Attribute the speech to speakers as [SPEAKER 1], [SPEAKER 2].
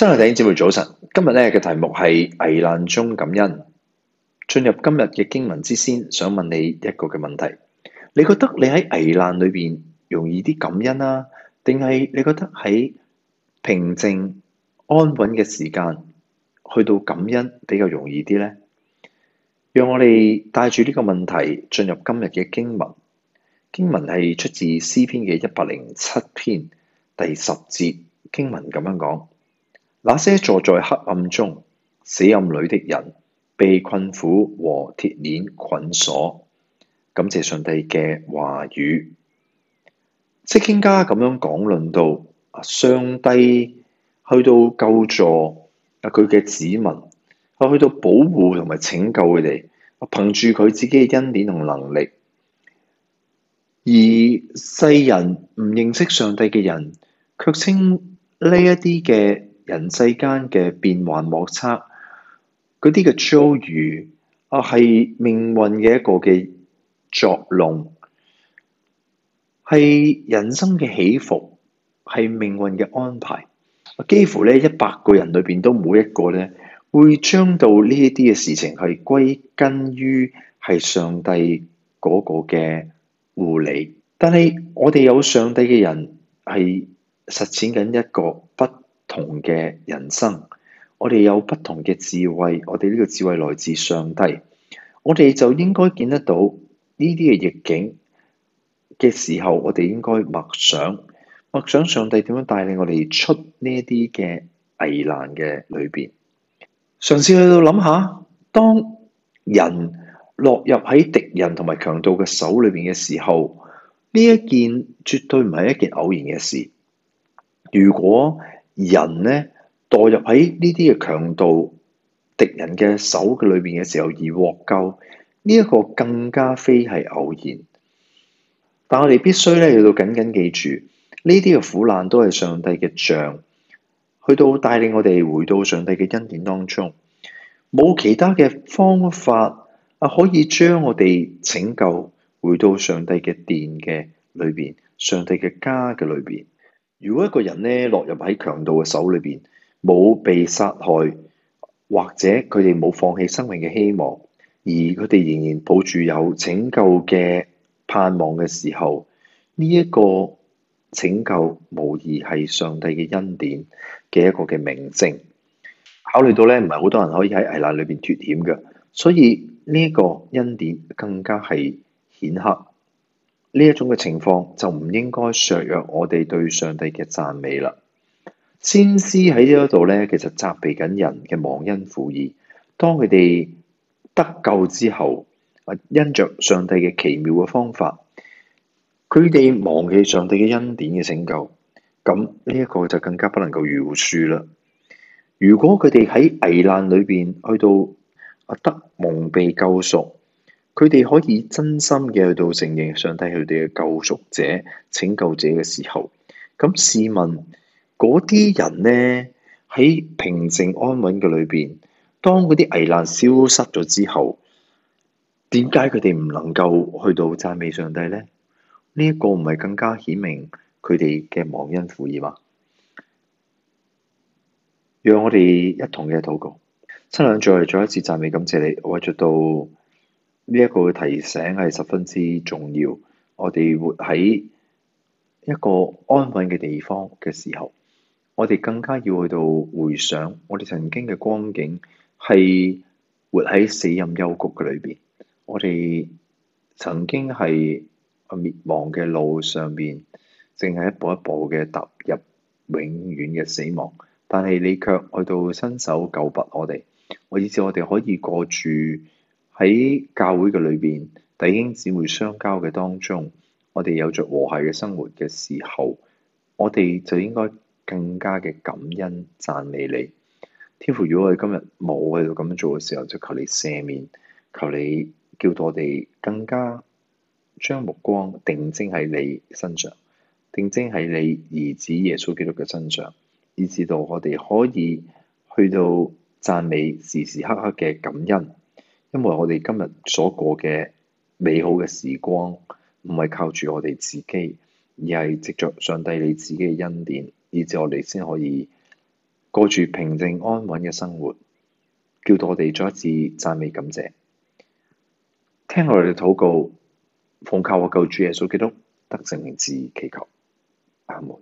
[SPEAKER 1] 真係弟兄姊妹早晨，今日咧嘅題目係危難中感恩。進入今日嘅經文之先，想問你一個嘅問題：你覺得你喺危難裏邊容易啲感恩啦，啊，定係你覺得喺平靜安穩嘅時間去到感恩比較容易啲呢？讓我哋帶住呢個問題進入今日嘅經文。經文係出自詩篇嘅一百零七篇第十節經文，咁樣講。那些坐在黑暗中、死蔭裏的人，被困苦和鐵鏈捆鎖。感謝上帝嘅話語，即興家咁樣講論到上帝去到救助啊，佢嘅子民啊，去到保護同埋拯救佢哋，憑住佢自己嘅恩典同能力。而世人唔認識上帝嘅人，却稱呢一啲嘅，人世間嘅變幻莫測，嗰啲嘅遭遇啊，係命運嘅一個嘅作弄，係人生嘅起伏，係命運嘅安排。幾乎呢一百個人裏邊都冇一個呢會將到呢一啲嘅事情係歸根於係上帝嗰個嘅護理。但係我哋有上帝嘅人係實踐緊一個不。同嘅人生，我哋有不同嘅智慧。我哋呢個智慧來自上帝，我哋就應該見得到呢啲嘅逆境嘅時候，我哋應該默想默想上帝點樣帶領我哋出呢一啲嘅危難嘅裏邊。嘗試去到諗下，當人落入喺敵人同埋強盜嘅手裏邊嘅時候，呢一件絕對唔係一件偶然嘅事。如果人呢墮入喺呢啲嘅強盜敵人嘅手嘅裏邊嘅時候而獲救，呢、這、一個更加非係偶然。但我哋必須咧要到緊緊記住，呢啲嘅苦難都係上帝嘅杖，去到帶領我哋回到上帝嘅恩典當中，冇其他嘅方法啊可以將我哋拯救回到上帝嘅殿嘅裏邊，上帝嘅家嘅裏邊。如果一個人咧落入喺強盜嘅手裏邊，冇被殺害，或者佢哋冇放棄生命嘅希望，而佢哋仍然抱住有拯救嘅盼望嘅時候，呢、這、一個拯救無疑係上帝嘅恩典嘅一個嘅明證。考慮到咧唔係好多人可以喺危難裏邊脫險嘅，所以呢一個恩典更加係顯赫。呢一種嘅情況就唔應該削弱我哋對上帝嘅讚美啦。先知喺呢一度咧，其實責備緊人嘅忘恩負義。當佢哋得救之後，或因着上帝嘅奇妙嘅方法，佢哋忘記上帝嘅恩典嘅拯救，咁呢一個就更加不能夠饒恕啦。如果佢哋喺危難裏邊去到啊得蒙被救贖。佢哋可以真心嘅去到承認上帝，佢哋嘅救贖者、拯救者嘅時候，咁試問嗰啲人呢，喺平靜安穩嘅裏邊，當嗰啲危難消失咗之後，點解佢哋唔能夠去到讚美上帝呢？呢、呢、一個唔係更加顯明佢哋嘅忘恩負義嗎？讓我哋一同嘅禱告，親兩再嚟，再一次讚美，感謝你，我哋在到。呢一個嘅提醒係十分之重要。我哋活喺一個安穩嘅地方嘅時候，我哋更加要去到回想我哋曾經嘅光景，係活喺死蔭幽谷嘅裏邊。我哋曾經係滅亡嘅路上面，淨係一步一步嘅踏入永遠嘅死亡。但係你卻去到伸手救拔我哋，我以致我哋可以過住。喺教會嘅裏邊，弟兄姊妹相交嘅當中，我哋有着和諧嘅生活嘅時候，我哋就應該更加嘅感恩讚美你天父。如果我哋今日冇去到咁樣做嘅時候，就求你赦免，求你叫到我哋更加將目光定睛喺你身上，定睛喺你兒子耶穌基督嘅身上，以至到我哋可以去到讚美時時刻刻嘅感恩。因為我哋今日所過嘅美好嘅時光，唔係靠住我哋自己，而係藉着上帝你自己嘅恩典，以至我哋先可以過住平靜安穩嘅生活。叫到我哋再一次讚美感謝，聽落嚟嘅禱告，奉靠我救主耶穌基督得勝名字祈求，阿門。